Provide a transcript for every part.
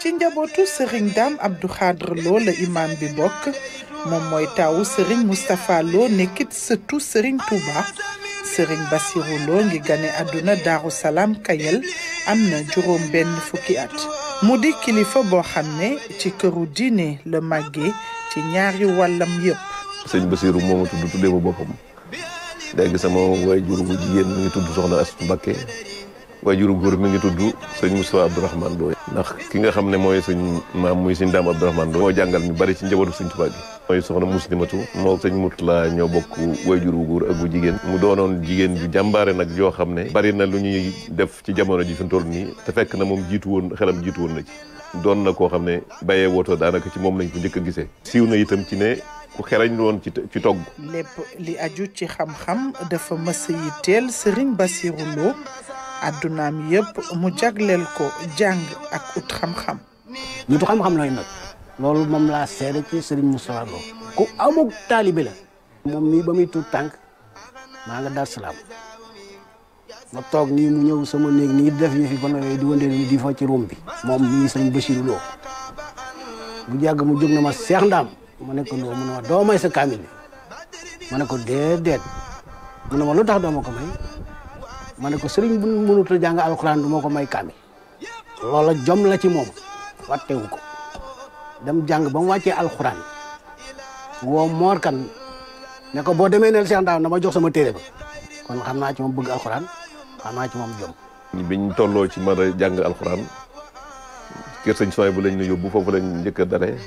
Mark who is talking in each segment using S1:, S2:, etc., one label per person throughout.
S1: ci njabootu sëriñ Dame Abdou Khadre Lo la imam bi bokk moom mooy taawu Serigne Moustapha Lo nekkit sëtu Serigne Touba Serigne Bassirou Lo ngi gane àdduna Daaru Salaam Kayel am na juróom benn fukki at mu di kilifa boo xam ne ci këru diine la màggee ci ñaari wàllam yëpp.
S2: sëñ Bassirou moo ma tudd tuddee ma boppam léegi sama waajur bu jigéen mi tudd Soxna Astou Mbacké waajuru góor mi ngi tudd sëñ Moussa Abdourahmane Dooy ndax ki nga xam ne mooy sëñ maam muy sëñ Daam Abdourahmane moo jàngal ñu bari ci njabootu sëñ Tuubaa gi mooy soxna muslimatu moo sëñ Murtala ñoo bokk waajur wu góor ak bu jigéen mu doonoon jigéen ju jàmbaare nag yoo xam ne bari na lu ñuy def ci jamono ji fi mu toll nii te fekk na moom jiitu woon xelam jiitu woon na ci doon na koo xam ne bàyyee wootoo daanaka ci moom lañ ko njëkk a gisee siiw na itam ci ne ku xerañ loon ci ci togg
S1: lépp li aju ci xam-xam dafa mës a yitteel Serigne Bassirou Lo àddunaam yépp mu jagleel
S3: ko jàng ak ut xam-xam. nitu xam-xam lay nag loolu moom laa seede ci Serigne Moustapha Lo ku amug taalibe la. moom mii ba muy tuut tànk maa nga dar ma toog nii mu ñëw sama néeg nii def yëf yi ba nawet di wëndeel ni di fa ci ruum bi. moom mii Serigne Bachir Lo bu jàgg mu jóg na ma seex ndaam ma ne ko loo mu ne ma doo may sa kaamil ma ne ko déedéet mu ne ma lu tax doo ma ko may. ma ne ko sëriñ bu mënut a jàng alxuraan du ma ko may kaamil loola jom la ci moom wattewu ko dem jàng ba mu wàccee alxuraan woo moor kan ne boo demee neel Cheikh Ndao na ma jox sama téere kon xam naa ci moom bëgg alxuraan xam naa ci moom jom.
S2: biñ tolloo ci mën a jàng alxuraan kër sëñ Soy bu lañ la yóbbu foofu lañ njëkk a dare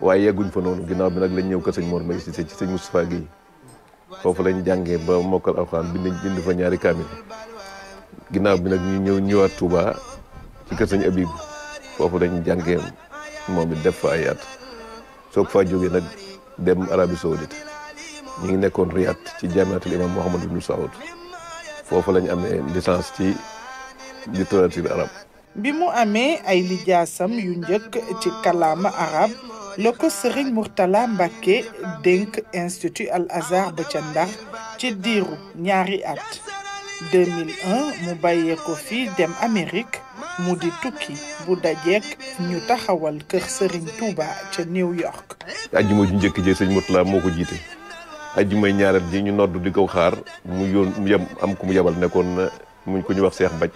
S2: waaye fa noonu ginnaaw bi nag lañ ñëw kër sëñ Mor Mbaye si ci sëñ Moustapha Guèye foofu lañ jàngee ba mokkal alxuraan bind bind fa ñaari kaamil ginnaaw bi nag ñu ñëw ñëwaat Touba ci kër sëñ Abib foofu lañ jàngee moom def fa ay at soog faa jógee nag dem Arabie Saoudite ñu ngi nekkoon Riyad ci jaamiatul imam Mohamad ibnu Saoud foofu lañ amee licence ci littérature arabe
S1: bi mu amee ay lijaasam yu njëkk ci kalaama arab la ko Serigne Mourtala Mbacke dénk institut Al Azhar ba ca Ndar ci diiru ñaari at 2001 mu bàyyee ko fii dem Amérique mu di tukki bu dajeek ñu taxawal kër Serigne Touba ca New
S2: York. ajjuma ju njëkk jee sëñ Mourtala moo ko jiite ajjumay ñaareel ji ñu noddu di ko xaar mu yoon am ku mu yabal nekkoon muñ ko ñu wax Seex Mbaj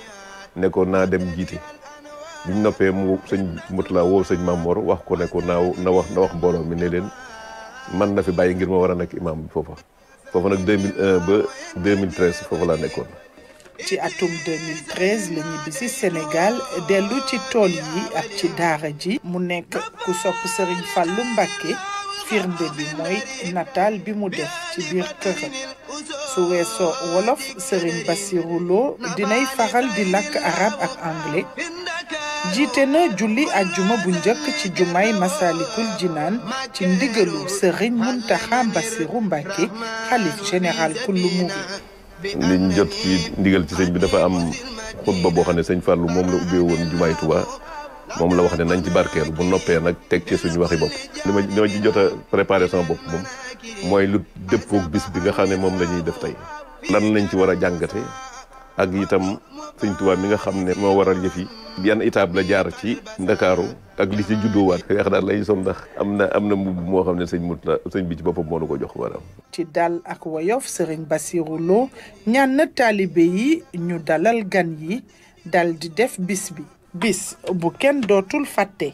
S2: nekkoon naa dem jiite. bi noppee mu sëñ Moutala woo sëñ Mamor wax ko ne ko na wax na wax mbooloo mi ne leen man na fi bàyyi ngir moo war a nekk imaam bi foofa foofa nag 2001 ba 2013 foofa laa nekkoon.
S1: ci atum 2013 bi si Sénégal dellu ci tool yi ak ci daara ji. mu nekk ku sopp sëriñ Fallou mbakki firnde bi mooy nataal bi mu def ci biir kër su weesoo wolof Serigne Bassirou Lo dinay faral di làkk arab ak anglais. jiite na julli ajjuma bu njëkk ci jumaay masalikul jinaan ci ndigalu sëriñ Muntaxa Basiru Mbàkke xalif général kullu murid
S2: liñ jot ci ndigal ci sëñ bi dafa am xutba boo xam ne sëñ Fàllu moom la ubbee woon jumaay Tuubaa moom la wax ne nañ ci barkeelu bu noppee nag teg ci suñu waxi bopp li ma li ma ci jot a préparé sama bopp moom mooy lu dëppook bis bi nga xam ne moom la ñuy def tey lan lañ ci war a jàngate ak yitam sëñ Tuubaa mi nga xam ne moo waral jëf yi yan étape la jaar ci ndakaaru ak li ci juddoowaat weex daal lay sol ndax am na am na mbubb moo xam ne sëñ mut na sëñ bi ci boppam moo nu ko jox maanaam
S1: ci dal ak woyof sëriñ Basiru Lo ñaan na taalibe yi ñu dalal gan yi dal di def bis bi bis bu kenn dootul fàtte